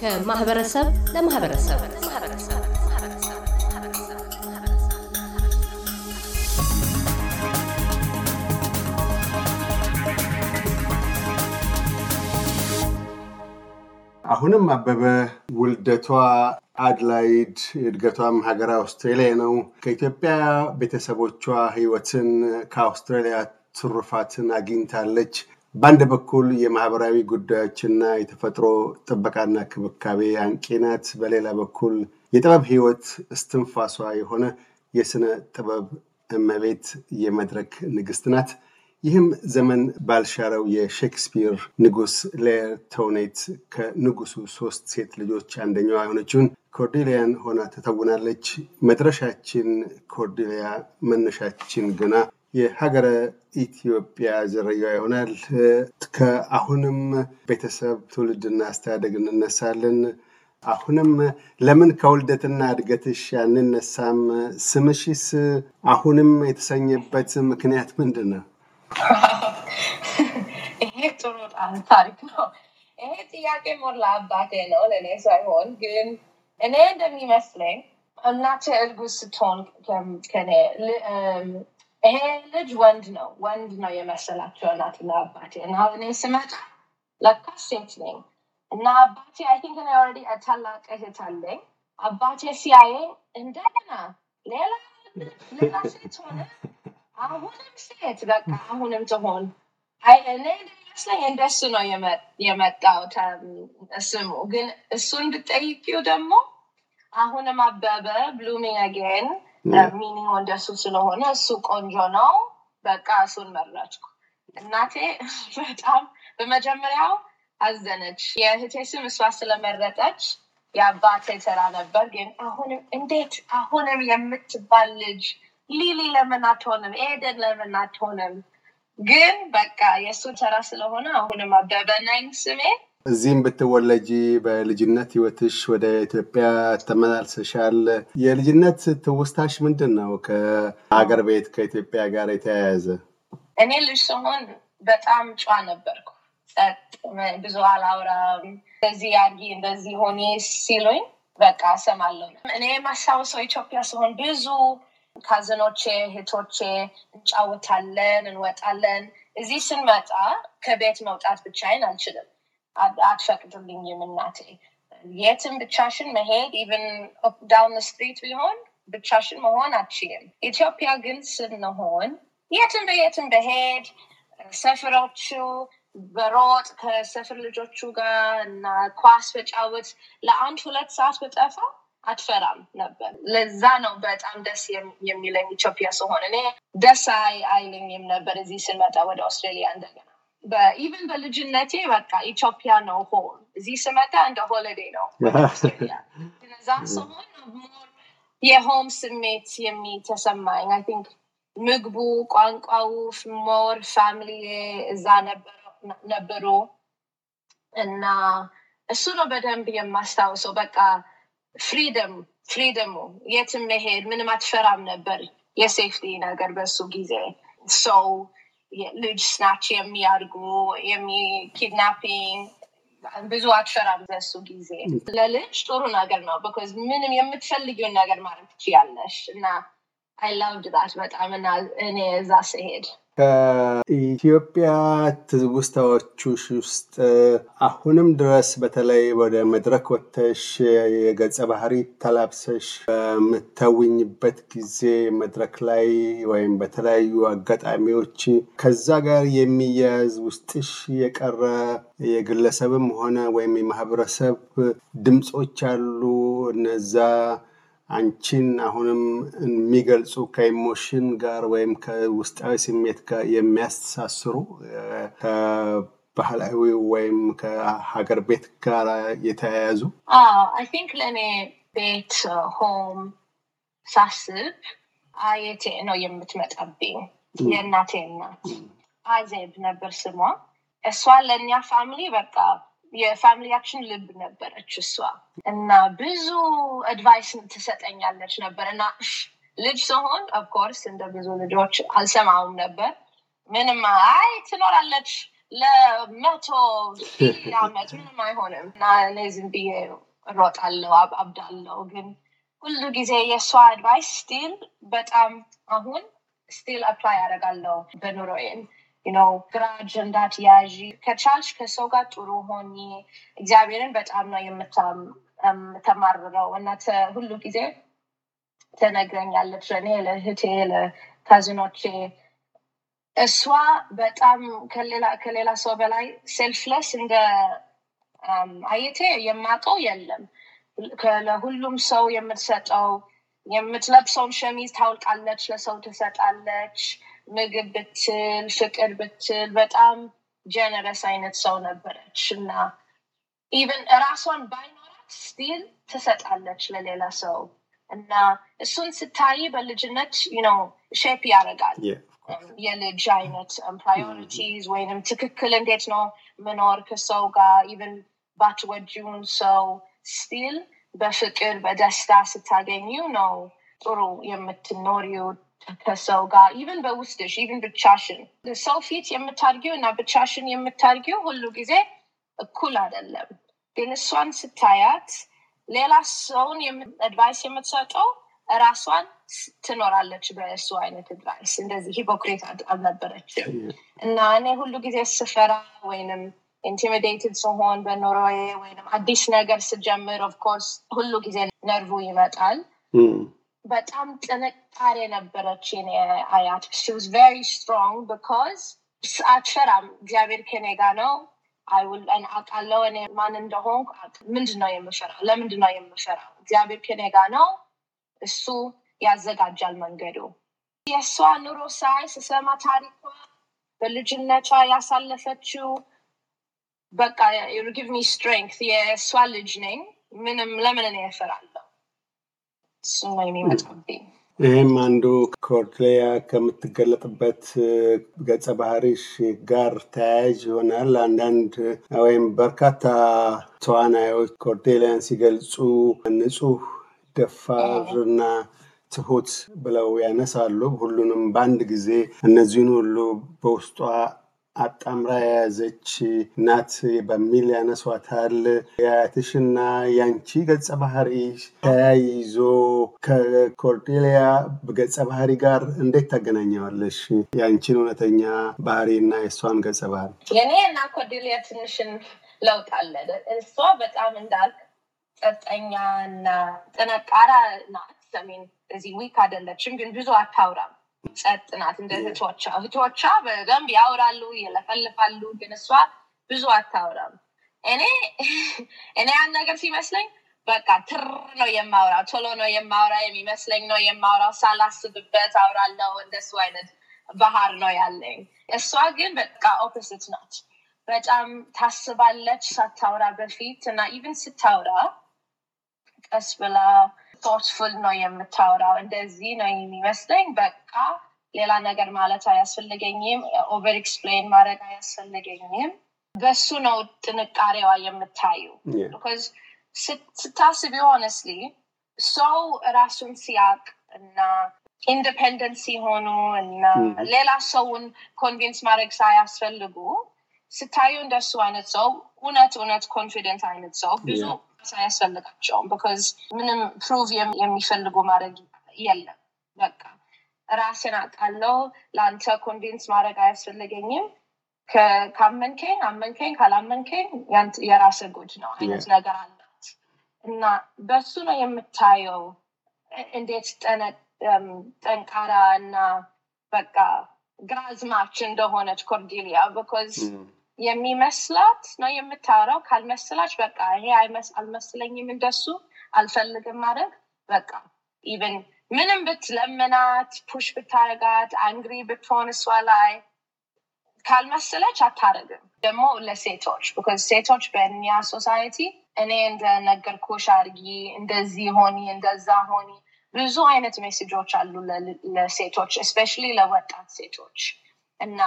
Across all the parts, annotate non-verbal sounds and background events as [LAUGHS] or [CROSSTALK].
ከማህበረሰብ ለማህበረሰብ አሁንም አበበ ውልደቷ አድላይድ እድገቷም ሀገር አውስትሬሊያ ነው። ከኢትዮጵያ ቤተሰቦቿ ህይወትን ከአውስትሬሊያ ትሩፋትን አግኝታለች። በአንድ በኩል የማህበራዊ ጉዳዮችና የተፈጥሮ ጥበቃና ክብካቤ አንቂ ናት። በሌላ በኩል የጥበብ ህይወት እስትንፋሷ የሆነ የስነ ጥበብ እመቤት የመድረክ ንግስት ናት። ይህም ዘመን ባልሻረው የሼክስፒር ንጉስ ሌር ተውኔት ከንጉሱ ሶስት ሴት ልጆች አንደኛዋ የሆነችውን ኮርዴሊያን ሆና ተተውናለች። መድረሻችን ኮርዴሊያ፣ መነሻችን ግና የሀገረ ኢትዮጵያ ዝርያ ይሆናል። ከአሁንም ቤተሰብ ትውልድና አስተዳደግ እንነሳለን። አሁንም ለምን ከውልደትና እድገትሽ አንነሳም? ስምሽስ አሁንም የተሰኘበት ምክንያት ምንድን ነው? ይሄ ጥሩ ታሪክ ነው። ይሄ ጥያቄ ሞላ አባቴ ነው ለእኔ ሳይሆን፣ ግን እኔ እንደሚመስለኝ እናቴ እርጉዝ ስትሆን ከኔ ይሄ ልጅ ወንድ ነው ወንድ ነው የመሰላቸው እናትና አባቴ እና እኔ ስመጣ ለካ ሴት ነኝ እና አባቴ አይ ቲንክ እኔ ኦልሬዲ ታላቅ እህት አለኝ። አባቴ ሲያየኝ እንደገና ሌላ ሌላ ሴት ሆነ አሁንም ሴት በቃ አሁንም ትሆን እኔ ይመስለኝ እንደሱ ነው የመጣው ስሙ። ግን እሱን ብጠይቂው ደግሞ አሁንም አበበ ብሉሚንግ አጌን ሚኒንግ እንደሱ ስለሆነ እሱ ቆንጆ ነው። በቃ እሱን መረጥኩ። እናቴ [LAUGHS] በጣም በመጀመሪያው አዘነች። የእህቴ ስም እሷ ስለመረጠች የአባቴ ስራ ነበር። ግን አሁንም እንዴት አሁንም የምትባል ልጅ ሊሊ ለምን አትሆንም? ኤደን ለምን አትሆንም? ግን በቃ የእሱ ተራ ስለሆነ አሁንም አበበ ነኝ ስሜ። እዚህም ብትወለጂ በልጅነት ህይወትሽ ወደ ኢትዮጵያ ተመላልሰሻል። የልጅነት ትውስታሽ ምንድን ነው? ከሀገር ቤት ከኢትዮጵያ ጋር የተያያዘ። እኔ ልጅ ስሆን በጣም ጫ ነበርኩ። ጸጥ፣ ብዙ አላውራም። እዚህ አድርጊ እንደዚህ ሆኔ ሲሉኝ በቃ ሰማለሁ እኔ ማስታውሰው ኢትዮጵያ ስሆን ብዙ ካዘኖቼ እህቶቼ እንጫወታለን፣ እንወጣለን። እዚህ ስንመጣ ከቤት መውጣት ብቻዬን አልችልም፣ አትፈቅድልኝም እናቴ። የትም ብቻሽን መሄድ ኢቨን ዳውን ስትሪት ቢሆን ብቻሽን መሆን አትችልም። ኢትዮጵያ ግን ስንሆን የትም በየትም በሄድ ሰፈሮቹ በሮጥ ከሰፈር ልጆቹ ጋር እና ኳስ በጫወት ለአንድ ሁለት ሰዓት በጠፋ አትፈራም ነበር። ለዛ ነው በጣም ደስ የሚለኝ ኢትዮጵያ ስሆን። እኔ ደስ አይለኝም ነበር እዚህ ስመጣ ወደ አውስትራሊያ እንደገና በኢቨን በልጅነቴ በቃ ኢትዮጵያ ነው ሆን እዚህ ስመጣ እንደ ሆለዴ ነው [LAUGHS] ዛ ስሆን የሆም ስሜት የሚተሰማኝ አይ ቲንክ ምግቡ፣ ቋንቋው ሞር ፋሚሊ እዛ ነበሩ እና እሱ ነው በደንብ የማስታውሰው በቃ ፍሪደም ፍሪደሙ የትም መሄድ ምንም አትፈራም ነበር የሴፍቲ ነገር በሱ ጊዜ ሰው ልጅ ስናች የሚያድጉ የሚኪድናፒንግ ብዙ አትፈራም በሱ ጊዜ ለልጅ ጥሩ ነገር ነው ቢካዝ ምንም የምትፈልጊውን ነገር ማድረግ ትችያለሽ እና አይ ላቭድ ዳት በጣም እና እኔ እዛ ስሄድ ከኢትዮጵያ ትውስታዎችሽ ውስጥ አሁንም ድረስ በተለይ ወደ መድረክ ወጥተሽ የገጸ ባህሪ ተላብሰሽ በምተውኝበት ጊዜ መድረክ ላይ ወይም በተለያዩ አጋጣሚዎች ከዛ ጋር የሚያያዝ ውስጥሽ የቀረ የግለሰብም ሆነ ወይም የማህበረሰብ ድምፆች አሉ እነዛ አንቺን አሁንም የሚገልጹ ከኢሞሽን ጋር ወይም ከውስጣዊ ስሜት ጋር የሚያስተሳስሩ ከባህላዊ ወይም ከሀገር ቤት ጋር የተያያዙ አይ ቲንክ ለእኔ ቤት ሆም ሳስብ አየቴ ነው የምትመጣብኝ የእናቴ እናት አዜብ ነበር ስሟ እሷ ለእኛ ፋሚሊ በቃ የፋሚሊ አክሽን ልብ ነበረች እሷ እና ብዙ አድቫይስ ትሰጠኛለች ነበር እና ልጅ ሲሆን ኦፍኮርስ እንደ ብዙ ልጆች አልሰማውም ነበር ምንም አይ ትኖራለች ለመቶ አመት ምንም አይሆንም እና እኔ ዝም ብዬ ሮጣለው አብዳለሁ ግን ሁሉ ጊዜ የእሷ አድቫይስ ስቲል በጣም አሁን ስቲል አፕላይ ያደረጋለው በኑሮዬን ግራጅ እንዳትያዥ ከቻልሽ ከሰው ጋር ጥሩ ሆኒ። እግዚአብሔርን በጣም ነው የምተማርረው እና ሁሉ ጊዜ ትነግረኛለች እኔ ለእህቴ ለካዝኖቼ እሷ በጣም ከሌላ ሰው በላይ ሴልፍለስ እንደ አየቴ የማቀው የለም። ለሁሉም ሰው የምትሰጠው የምትለብሰውን ሸሚዝ ታውልቃለች፣ ለሰው ትሰጣለች። ምግብ ብትል ፍቅር ብትል በጣም ጀነረስ አይነት ሰው ነበረች እና ኢቨን እራሷን ባይኖራት ስቲል ትሰጣለች ለሌላ ሰው እና እሱን ስታይ በልጅነት ነው ሼፕ ያደርጋል የልጅ አይነት ፕራዮሪቲዝ ወይንም ትክክል እንዴት ነው ምኖር ከሰው ጋር ኢቨን ባትወጂውን ሰው ስቲል በፍቅር በደስታ ስታገኙ ነው ጥሩ የምትኖሪው ከሰው ጋር ኢቨን በውስጥሽ ኢቨን ብቻሽን ሰው ፊት የምታድጊው እና ብቻሽን የምታድጊው ሁሉ ጊዜ እኩል አይደለም። ግን እሷን ስታያት ሌላ ሰውን አድቫይስ የምትሰጠው ራሷን ትኖራለች በእሱ አይነት አድቫይስ። እንደዚህ ሂፖክሬት አልነበረችም እና እኔ ሁሉ ጊዜ ስፈራ ወይንም ኢንቲሚዴትድ ስሆን በኖሮዬ ወይም አዲስ ነገር ስጀምር ኦፍኮርስ ሁሉ ጊዜ ነርቭ ይመጣል በጣም ጥንካሬ ነበረች የኔ አያት ሽ ዋዝ ቨሪ ስትሮንግ ቢካዝ አትፈራም እግዚአብሔር ከኔ ጋር ነው አውቃለው እኔ ማን እንደሆን ምንድ ነው የምፈራ ለምንድ ነው የምፈራ እግዚአብሔር ከኔ ጋር ነው እሱ ያዘጋጃል መንገዱ የእሷ ኑሮ ሳይ ስሰማ ታሪኳ በልጅነቷ ያሳለፈችው በቃ ጊቭ ሚ ስትሬንግ የእሷ ልጅ ነኝ ምንም ለምን እኔ እፈራለሁ እሱም ነው የሚመጣብኝ። ይህም አንዱ ኮርትሌያ ከምትገለጥበት ገጸ ባህሪሽ ጋር ተያያዥ ይሆናል። አንዳንድ ወይም በርካታ ተዋናዮች ኮርቴሊያን ሲገልጹ ንጹህ፣ ደፋርና ትሁት ብለው ያነሳሉ። ሁሉንም በአንድ ጊዜ እነዚህን ሁሉ በውስጧ አጣምራ የያዘች ናት በሚል ያነሷታል። የአያትሽና ያንቺ ገጸ ባህሪ ተያይዞ ከኮርዴሊያ ገጸ ባህሪ ጋር እንዴት ታገናኘዋለሽ? የአንቺን እውነተኛ ባህሪ እና የእሷን ገጸ ባህሪ። የኔ እና ኮርዴሊያ ትንሽን ለውጥ አለ። እሷ በጣም እንዳልክ ጸጥተኛ እና ጥንቃራ ናት። ሰሜን እዚህ ዊክ አይደለችም፣ ግን ብዙ አታውራም ጸጥ ናት። እንደ ህቶቿ እህቶቿ በደንብ ያወራሉ፣ ይለፈልፋሉ። ግን እሷ ብዙ አታወራም። እኔ [LAUGHS] እኔ ያን ነገር ሲመስለኝ በቃ ትር ነው የማውራው፣ ቶሎ ነው የማውራ የሚመስለኝ ነው የማውራው። ሳላስብበት አውራለው። እንደሱ አይነት ባህር ነው ያለኝ። እሷ ግን በቃ ኦፖሲት ናት። በጣም ታስባለች ሳታውራ በፊት እና ኢቨን ስታውራ ቀስ ብላ ቶርትፉል ነው የምታወራው፣ እንደዚህ ነው የሚመስለኝ፣ በቃ ሌላ ነገር ማለት አያስፈልገኝም፣ ኦቨር ኤክስፕሌን ማድረግ አያስፈልገኝም። በሱ ነው ጥንካሬዋ የምታዩ ስታስብ ሆነስሊ ሰው ራሱን ሲያቅ እና ኢንዲፔንደንት ሲሆኑ እና mm-hmm. ሌላ ሰውን ኮንቪንስ ማድረግ ሳያስፈልጉ ስታዩ እንደሱ አይነት ሰው እውነት እውነት ኮንፊደንት አይነት ሰው ብዙ አያስፈልጋቸውም። ቢኮዝ ምንም ፕሩቭ የሚፈልጉ ማድረግ የለም። በቃ ራሴን አውቃለሁ። ለአንተ ኮንቬንስ ማድረግ አያስፈልገኝም። ካመንከኝ አመንከኝ፣ ካላመንከኝ የራስ ጎጅ ነው አይነት ነገር አላት እና በሱ ነው የምታየው እንዴት ጠንካራ እና በቃ ግራዝማች እንደሆነች ኮርዲሊያ ቢኮዝ የሚመስላት ነው የምታወራው። ካልመስላች በቃ ይሄ አልመስለኝም፣ እንደሱ አልፈልግም ማድረግ በቃ ኢቨን ምንም ብትለምናት፣ ፑሽ ብታረጋት፣ አንግሪ ብትሆን እሷ ላይ ካልመሰለች አታረግም። ደግሞ ለሴቶች ቢኮዝ ሴቶች በእኛ ሶሳይቲ እኔ እንደነገርኩሽ አድርጊ፣ እንደዚህ ሆኒ፣ እንደዛ ሆኒ ብዙ አይነት ሜሴጆች አሉ ለሴቶች፣ እስፔሻሊ ለወጣት ሴቶች እና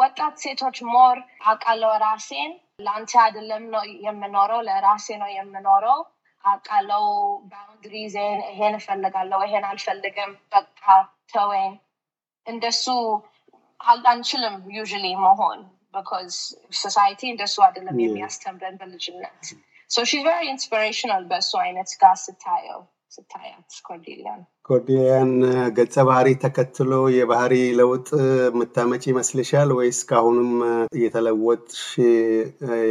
ወጣት ሴቶች ሞር አውቃለው ራሴን ለአንቺ አይደለም ነው የምኖረው፣ ለራሴ ነው የምኖረው። አውቃለው ባውንድሪዜን፣ ይሄን እፈልጋለሁ፣ ይሄን አልፈልግም፣ በቃ ተወኝ። እንደሱ አንችልም ዩዥሊ መሆን ቢኮዝ ሶሳይቲ እንደሱ አይደለም የሚያስተምረን በልጅነት ሶ ሺ ቨሪ ኢንስፒሬሽናል በእሱ አይነት ጋር ስታየው ስታያት ኮርዲሊያን ኮርዲሊያን ገጸ ባህሪ ተከትሎ የባህሪ ለውጥ የምታመጭ ይመስልሻል ወይስ ከአሁኑም እየተለወጥሽ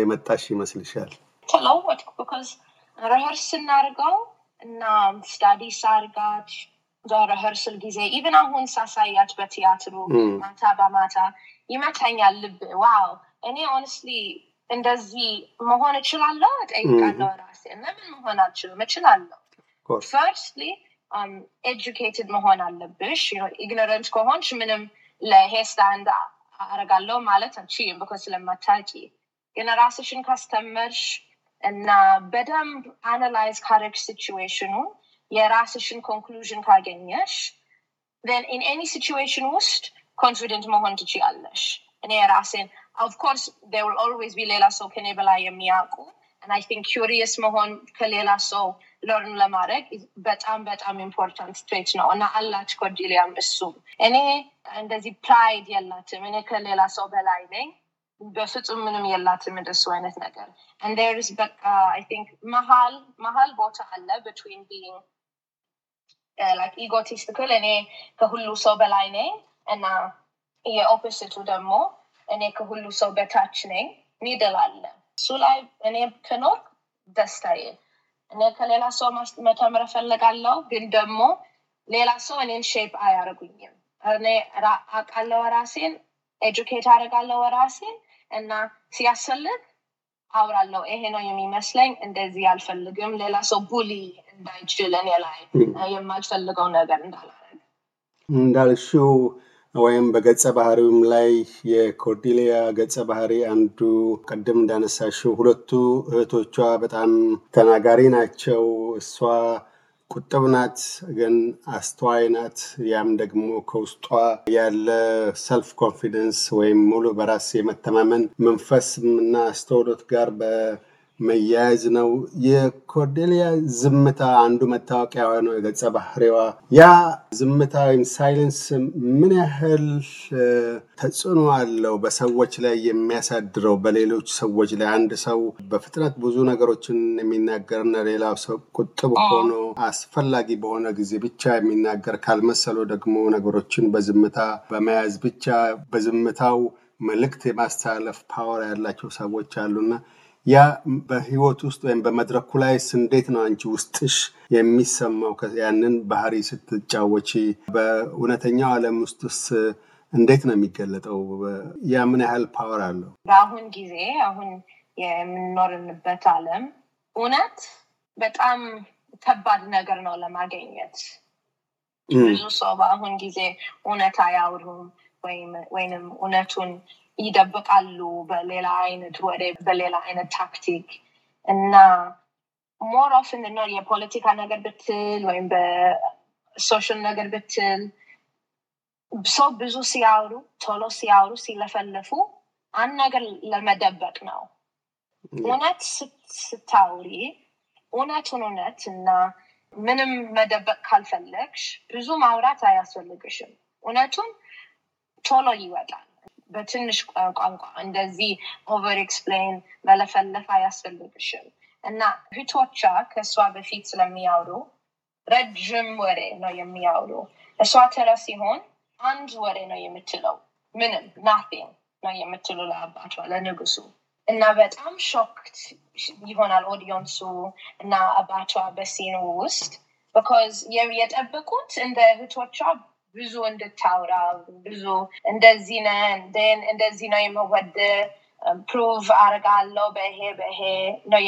የመጣሽ ይመስልሻል? ተለወጥኩ። ቢኮዝ ረህርስ ስናርገው እና ስታዲ ሳርጋች ረህርስል ጊዜ ኢቨን አሁን ሳሳያች በቲያትሩ ማታ በማታ ይመታኛል ልብ ዋው እኔ ኦነስትሊ እንደዚህ መሆን እችላለሁ። እጠይቃለሁ ራሴ ለምን መሆን አልችልም? እችላለሁ ፈርስትሊ ኤጁኬትድ um, መሆን አለብሽ ኢግኖረንት ከሆንሽ ምንም ለሄር ስታንድ አረጋለው ማለት አንችይም ብኮ ስለማታቂ ግን ራስሽን ካስተመርሽ እና በደንብ አናላይዝ ካረግ ሲዌሽኑ የራስሽን ኮንክሉዥን ካገኘሽ ን ኢን ኤኒ ሲዌሽን ውስጥ ኮንፊደንት መሆን ትችያለሽ እኔ የራሴን ኦፍኮርስ ኦልዌይዝ ቢ ሌላ ሰው ከኔ በላይ የሚያውቁ አይ ቲንክ ኪሪየስ መሆን ከሌላ ሰው ለርን ለማድረግ በጣም በጣም ኢምፖርታንት ትሬት ነው እና አላች ኮርዲሊያም እሱም እኔ እንደዚህ ፕራይድ የላትም እኔ ከሌላ ሰው በላይ ነኝ በፍጹም ምንም የላትም እንደሱ አይነት ነገር እንደርስ በቃ አይ ቲንክ መሀል መሀል ቦታ አለ ብትዊን ቢንግ ላይክ ኢጎቲስትክል እኔ ከሁሉ ሰው በላይ ነኝ እና የኦፖሲቱ ደግሞ እኔ ከሁሉ ሰው በታች ነኝ ሚድል አለ እሱ ላይ እኔ ክኖር ደስታዬ እኔ ከሌላ ሰው መተምር ፈልጋለው ግን ደግሞ ሌላ ሰው እኔን ሼፕ አያደርጉኝም። እኔ አቃለው ራሴን፣ ኤጁኬት አደርጋለው ራሴን እና ሲያስፈልግ አውራለው ይሄ ነው የሚመስለኝ፣ እንደዚህ አልፈልግም። ሌላ ሰው ቡሊ እንዳይችል እኔ ላይ የማልፈልገው ነገር እንዳላረግ እንዳልሽው ወይም በገጸ ባህሪውም ላይ የኮርዲሊያ ገጸ ባህሪ አንዱ ቅድም እንዳነሳሽው ሁለቱ እህቶቿ በጣም ተናጋሪ ናቸው። እሷ ቁጥብ ናት፣ ግን አስተዋይ ናት። ያም ደግሞ ከውስጧ ያለ ሰልፍ ኮንፊደንስ ወይም ሙሉ በራስ የመተማመን መንፈስ እና አስተውሎት ጋር በ መያያዝ ነው። የኮርዴሊያ ዝምታ አንዱ መታወቂያ ነው የገጸ ባህሪዋ። ያ ዝምታ ወይም ሳይለንስ ምን ያህል ተጽዕኖ አለው በሰዎች ላይ የሚያሳድረው በሌሎች ሰዎች ላይ? አንድ ሰው በፍጥነት ብዙ ነገሮችን የሚናገርና ሌላው ሰው ቁጥብ ሆኖ አስፈላጊ በሆነ ጊዜ ብቻ የሚናገር ካልመሰለው ደግሞ ነገሮችን በዝምታ በመያዝ ብቻ በዝምታው መልእክት የማስተላለፍ ፓወር ያላቸው ሰዎች አሉና ያ በህይወት ውስጥ ወይም በመድረኩ ላይ እንዴት ነው አንቺ ውስጥሽ የሚሰማው? ያንን ባህሪ ስትጫወች በእውነተኛው አለም ውስጥስ እንዴት ነው የሚገለጠው? ያ ምን ያህል ፓወር አለው? በአሁን ጊዜ አሁን የምንኖርንበት አለም እውነት በጣም ከባድ ነገር ነው ለማገኘት። ብዙ ሰው በአሁን ጊዜ እውነት አያውሩም ወይም እውነቱን ይደብቃሉ በሌላ አይነት ወደ በሌላ አይነት ታክቲክ እና ሞር ኦፍን ነው የፖለቲካ ነገር ብትል ወይም በሶሻል ነገር ብትል ሰው ብዙ ሲያወሩ ቶሎ ሲያወሩ ሲለፈለፉ አንድ ነገር ለመደበቅ ነው እውነት ስታውሪ እውነቱን እውነት እና ምንም መደበቅ ካልፈለግሽ ብዙ ማውራት አያስፈልግሽም እውነቱን ቶሎ ይወጣል በትንሽ ቋንቋ እንደዚህ ኦቨር ኤክስፕሌን መለፈለፍ አያስፈልግሽም እና እህቶቿ ከእሷ በፊት ስለሚያውሩ ረጅም ወሬ ነው የሚያውሩ እሷ ተረ ሲሆን አንድ ወሬ ነው የምትለው ምንም ናቲንግ ነው የምትሉ ለአባቷ ለንጉሱ እና በጣም ሾክት ይሆናል ኦዲዮንሱ እና አባቷ በሲኑ ውስጥ ቢካዝ የጠበቁት እንደ እህቶቿ ብዙ እንድታውራ ብዙ እንደዚህ ን እንደዚህ ነው የመወድ ፕሩቭ አርጋለው በሄ በሄ ነው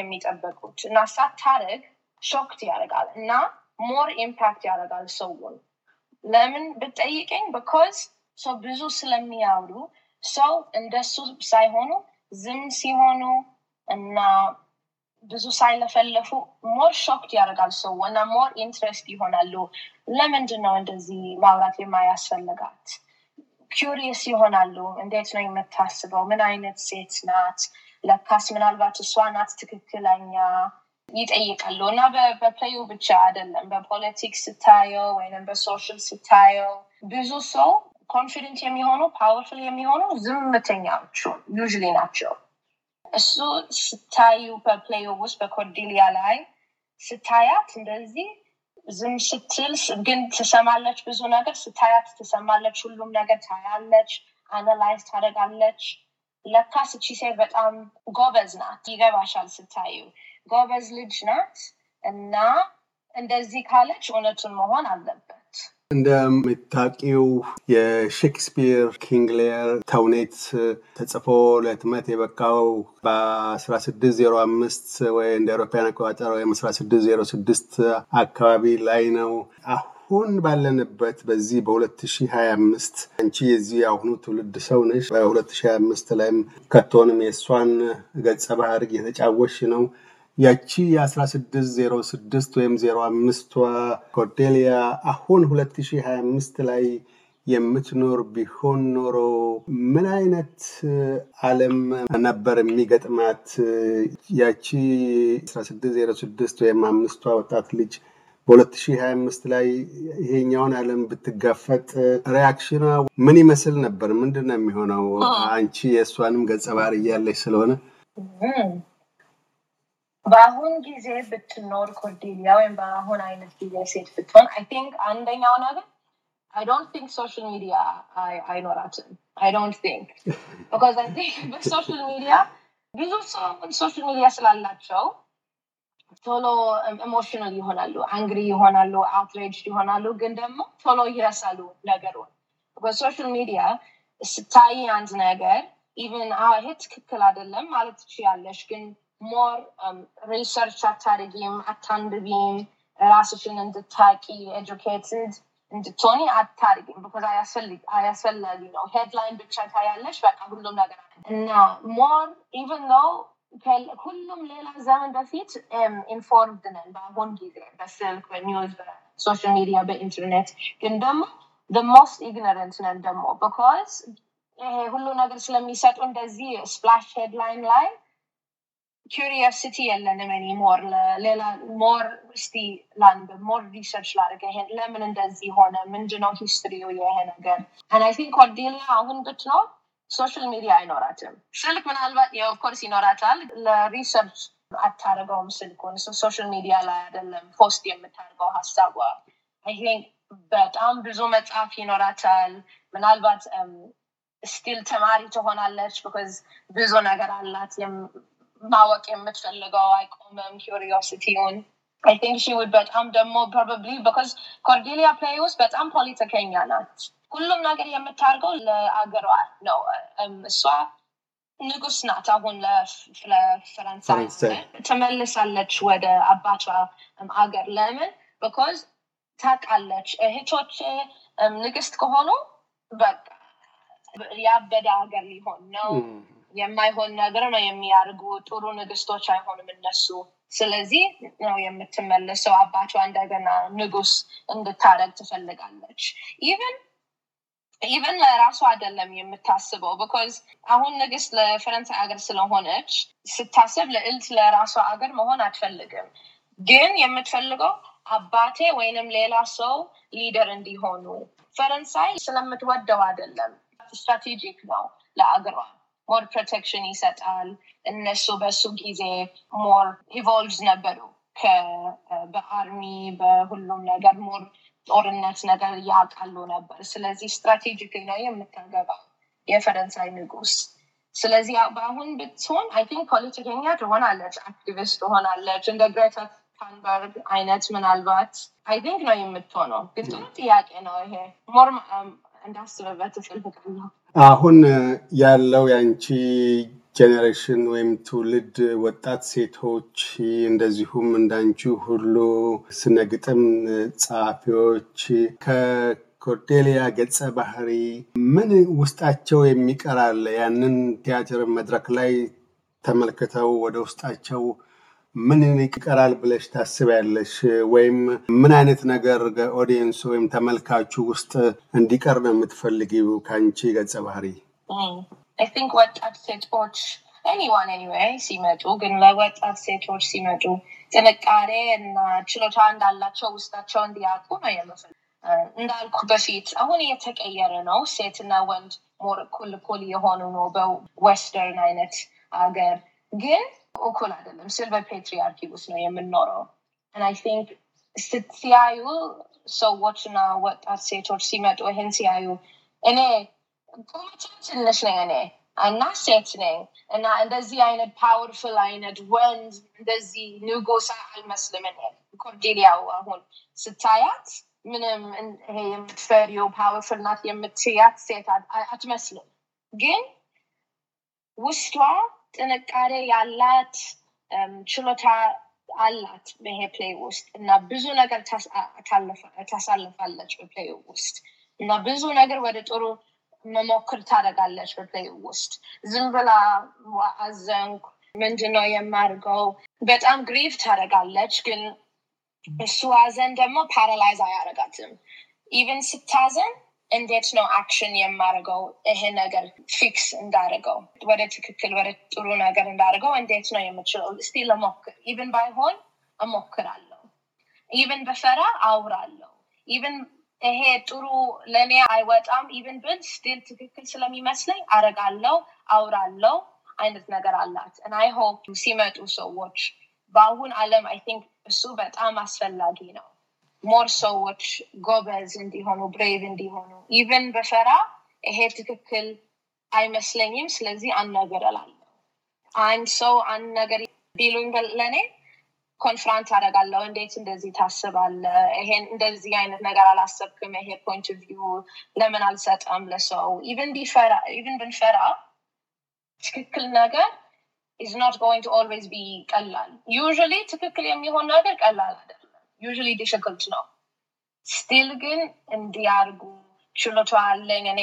የሚጠበቁት እና ሳታርግ ሾክት ያደርጋል እና ሞር ኢምፓክት ያደርጋል ሰውን ለምን ብጠይቀኝ ብኮዝ ሰው ብዙ ስለሚያውሩ ሰው እንደሱ ሳይሆኑ ዝም ሲሆኑ እና ብዙ ሳይለፈለፉ ሞር ሾክድ ያደርጋል ሰው እና ሞር ኢንትረስት ይሆናሉ ለምንድን ነው እንደዚህ ማውራት የማያስፈልጋት ኪሪየስ ይሆናሉ እንዴት ነው የምታስበው ምን አይነት ሴት ናት ለካስ ምናልባት እሷ ናት ትክክለኛ ይጠይቃሉ እና በፕሌዩ ብቻ አይደለም በፖለቲክስ ስታየው ወይም በሶሻል ስታየው ብዙ ሰው ኮንፊደንት የሚሆኑ ፓወርፉል የሚሆኑ ዝምተኛዎቹ ዩዥሊ ናቸው እሱ ስታዩ በፕሌዮ ውስጥ በኮርዲሊያ ላይ ስታያት እንደዚህ ዝም ስትል ግን ትሰማለች ብዙ ነገር ስታያት ትሰማለች ሁሉም ነገር ታያለች አናላይዝ ታደርጋለች ለካ ስቺ ሴት በጣም ጎበዝ ናት ይገባሻል ስታዩ ጎበዝ ልጅ ናት እና እንደዚህ ካለች እውነቱን መሆን አለበት እንደምታቂው የሼክስፒር ኪንግሌር ተውኔት ተጽፎ ለህትመት የበቃው በ1605 ወይ እንደ አውሮፓውያን አቆጣጠር ወይም 1606 አካባቢ ላይ ነው። አሁን ባለንበት በዚህ በ2025 አንቺ የዚህ አሁኑ ትውልድ ሰው ነሽ። በ2025 ላይም ከቶንም የእሷን ገጸ ባህሪ እየተጫወሽ ነው። ያቺ የ1606 ወይም 05 ኮርዴሊያ አሁን 2025 ላይ የምትኖር ቢሆን ኖሮ ምን አይነት ዓለም ነበር የሚገጥማት? ያቺ 1606 ወይም አምስቷ ወጣት ልጅ በ2025 ላይ ይሄኛውን ዓለም ብትጋፈጥ ሪያክሽኗ ምን ይመስል ነበር? ምንድን ነው የሚሆነው? አንቺ የእሷንም ገጸ ባህሪ እያለች ስለሆነ በአሁን ጊዜ ብትኖር ኮርዴሊያ ወይም በአሁን አይነት ጊዜ ሴት ብትሆን አይ ቲንክ አንደኛው ነገር አይ ዶንት ቲንክ ሶሻል ሚዲያ አይኖራትም። አይ ዶንት ቲንክ ቢካዝ አይ ቲንክ በሶሻል ሚዲያ ብዙ ሰው ሶሻል ሚዲያ ስላላቸው ቶሎ ኢሞሽናል ይሆናሉ፣ አንግሪ ይሆናሉ፣ አውትሬጅ ይሆናሉ። ግን ደግሞ ቶሎ ይረሳሉ ነገሩን። በሶሻል ሚዲያ ስታይ አንድ ነገር ኢቨን ይሄ ትክክል አይደለም ማለት ትችያለሽ ግን more um, research at Targim, at Tandabim, Rasushin and the Taki educated and the Tony at Targim because I as well, I as well, uh, you know, headline which I tell but I will not get it. Uh, more, even though ከሁሉም ሌላ ዘመን በፊት ኢንፎርምድ ነን በአሁን ጊዜ በስልክ በኒውዝ በሶሻል ሚዲያ በኢንተርኔት ግን ደግሞ ደ ሞስት ኢግኖረንት ነን ደግሞ ቢካዝ ይሄ ሁሉ ነገር ስለሚሰጡ እንደዚህ ስፕላሽ ሄድላይን ላይ ኪሪዮሲቲ የለንም ኒ ሞር ሌላ ሞር እስቲ ላንብ ሞር ሪሰርች ላድርግ ይሄን ለምን እንደዚህ ሆነ ምንድነው ሂስትሪው ይሄ ነገር አይ ቲንክ ኮርዴሊያ አሁን ብትኖር ሶሻል ሚዲያ አይኖራትም ስልክ ምናልባት ኦፍኮርስ ይኖራታል ለሪሰርች አታደርገውም ስልኩን ሶሻል ሚዲያ ላይ አይደለም ፖስት የምታደርገው ሀሳቧ አይ በጣም ብዙ መጽሐፍ ይኖራታል ምናልባት ስቲል ተማሪ ትሆናለች ብዙ ነገር አላት ማወቅ የምትፈልገው አይቆምም ኪሪዮሲቲውን አይ ቲንክ ሺውድ በጣም ደግሞ ፕሮባብሊ ቢካዝ ኮርዴሊያ ፕሌይ ውስጥ በጣም ፖለቲከኛ ናት ሁሉም ነገር የምታርገው ለአገሯ ነው እሷ ንጉስ ናት አሁን ለፈረንሳይ ትመልሳለች ወደ አባቷ አገር ለምን ቢካዝ ታውቃለች እህቶች ንግስት ከሆኑ በቃ ያበደ ሀገር ሊሆን ነው የማይሆን ነገር ነው የሚያርጉ ጥሩ ንግስቶች አይሆንም እነሱ ስለዚህ ነው የምትመለሰው አባቷ እንደገና ንጉስ እንድታደረግ ትፈልጋለች ኢቨን ኢቨን ለራሱ አይደለም የምታስበው ቢኮዝ አሁን ንግስት ለፈረንሳይ ሀገር ስለሆነች ስታስብ ለእልት ለራሷ ሀገር መሆን አትፈልግም ግን የምትፈልገው አባቴ ወይንም ሌላ ሰው ሊደር እንዲሆኑ ፈረንሳይ ስለምትወደው አይደለም ስትራቴጂክ ነው ለአገሯ ሞር ፕሮቴክሽን ይሰጣል። እነሱ በሱ ጊዜ ሞር ኢቮልቭ ነበሩ በአርሚ በሁሉም ነገር ሞር ጦርነት ነገር ያውቃሉ ነበር። ስለዚህ ስትራቴጂክ ነው የምታገባው የፈረንሳይ ንጉስ። ስለዚህ በአሁን ብትሆን አይ ቲንክ ፖለቲከኛ ትሆናለች፣ አክቲቪስት ትሆናለች እንደ ግሬታ ታንበርግ አይነት ምናልባት አይ ቲንክ ነው የምትሆነው። ግን ጥሩ ጥያቄ ነው ይሄ ሞር እንዳስብበት ነው አሁን ያለው የአንቺ ጄኔሬሽን ወይም ትውልድ ወጣት ሴቶች እንደዚሁም እንዳንቺ ሁሉ ስነግጥም ጸሐፊዎች ከኮርዴሊያ ገጸ ባህሪ ምን ውስጣቸው የሚቀር ያንን ቲያትር መድረክ ላይ ተመልክተው ወደ ውስጣቸው ምን ይቀራል ብለሽ ታስቢያለሽ? ወይም ምን አይነት ነገር ኦዲየንስ ወይም ተመልካቹ ውስጥ እንዲቀር ነው የምትፈልጊው ከአንቺ ገጸ ባህሪ? Hmm. ወጣት ሴቶች ኤኒዋን ኤኒዌይ ሲመጡ ግን ለወጣት ሴቶች ሲመጡ ጥንካሬ እና ችሎታ እንዳላቸው ውስጣቸው እንዲያውቁ ነው የምፍ እንዳልኩ በፊት አሁን እየተቀየረ ነው። ሴትና ወንድ ሞር እኩል እኩል የሆኑ ነው በዌስተርን አይነት አገር ግን እኩል አይደለም። ስል በፔትሪያርኪ ውስጥ ነው የምንኖረው። አይ ቲንክ ስትያዩ ሰዎችና ወጣት ሴቶች ሲመጡ ይህን ሲያዩ እኔ ቁመቻም ትንሽ ነኝ እኔ እና ሴት ነኝ እና እንደዚህ አይነት ፓወርፉል አይነት ወንድ እንደዚህ ንጉሳ አልመስልም እኔ ኮርዴሊያው አሁን ስታያት ምንም ይሄ የምትፈሪው ፓወርፉል ናት የምትያት ሴት አትመስልም ግን ውስጧ ጥንካሬ ያላት ችሎታ አላት ይሄ ፕሌይ ውስጥ እና ብዙ ነገር ታሳልፋለች በፕሌይ ውስጥ እና ብዙ ነገር ወደ ጥሩ መሞክር ታደረጋለች በፕሌይ ውስጥ ዝም ብላ አዘንኩ ምንድነው የማርገው በጣም ግሪቭ ታደረጋለች ግን እሱ አዘን ደግሞ ፓራላይዝ አያረጋትም ኢቨን ስታዘን እንዴት ነው አክሽን የማደርገው ይሄ ነገር ፊክስ እንዳደርገው ወደ ትክክል ወደ ጥሩ ነገር እንዳደርገው እንዴት ነው የምችለው እስቲ ለሞክር ኢቨን ባይሆን እሞክራለሁ ኢቨን በፈራ አውራለሁ ኢቨን ይሄ ጥሩ ለእኔ አይወጣም ኢቨን ብል ስቲል ትክክል ስለሚመስለኝ አረጋለው አውራለው አይነት ነገር አላት እና አይ ሲመጡ ሰዎች በአሁን አለም አይ ቲንክ እሱ በጣም አስፈላጊ ነው ሞር ሰዎች ጎበዝ እንዲሆኑ ብሬቭ እንዲሆኑ ኢቨን በፈራ ይሄ ትክክል አይመስለኝም ስለዚህ አንድ ነገር እላለሁ አንድ ሰው አንድ ነገር ቢሉኝ ለእኔ ኮንፍራንት አደርጋለሁ እንዴት እንደዚህ ታስባለ ይሄን እንደዚህ አይነት ነገር አላሰብክም ይሄ ፖንት ቪው ለምን አልሰጠም ለሰው ኢቨን ብንፈራ ትክክል ነገር ኢዝ ኖት ጎይንግ ኦልዌይዝ ቢ ቀላል ዩዥሊ ትክክል የሚሆን ነገር ቀላል አደ usually ዩዥሊ ዲፊክልት ነው ስቲል ግን እንዲያርጉ ችሎታ አለኝ እኔ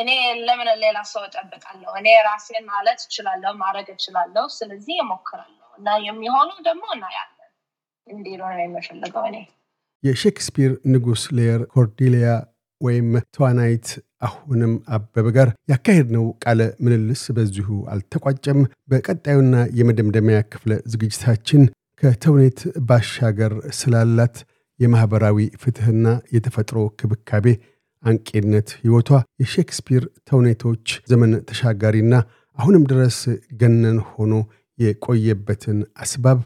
እኔ ለምን ሌላ ሰው እጠብቃለሁ እኔ ራሴን ማለት እችላለሁ ማድረግ እችላለሁ ስለዚህ እሞክራለሁ እና የሚሆኑ ደግሞ እናያለን እንዲህ ነው የምፈልገው እኔ የሼክስፒር ንጉስ ሌየር ኮርዲሊያ ወይም ተዋናይት አሁንም አበበ ጋር ያካሄድ ነው ቃለ ምልልስ በዚሁ አልተቋጨም። በቀጣዩና የመደምደሚያ ክፍለ ዝግጅታችን ከተውኔት ባሻገር ስላላት የማኅበራዊ ፍትሕና የተፈጥሮ ክብካቤ አንቄነት ሕይወቷ የሼክስፒር ተውኔቶች ዘመን ተሻጋሪና አሁንም ድረስ ገነን ሆኖ የቆየበትን አስባብ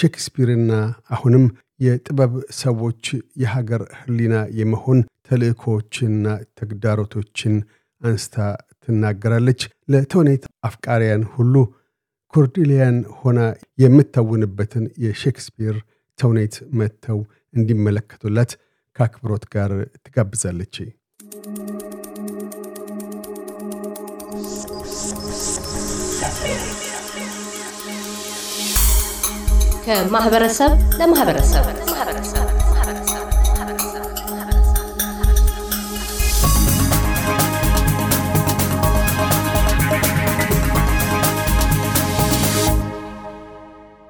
ሼክስፒርና አሁንም የጥበብ ሰዎች የሀገር ህሊና የመሆን ተልእኮዎችና ተግዳሮቶችን አንስታ ትናገራለች። ለተውኔት አፍቃሪያን ሁሉ ኮርዲሊያን ሆና የምታውንበትን የሼክስፒር ተውኔት መጥተው እንዲመለከቱላት ከአክብሮት ጋር ትጋብዛለች። ከማህበረሰብ ለማህበረሰብ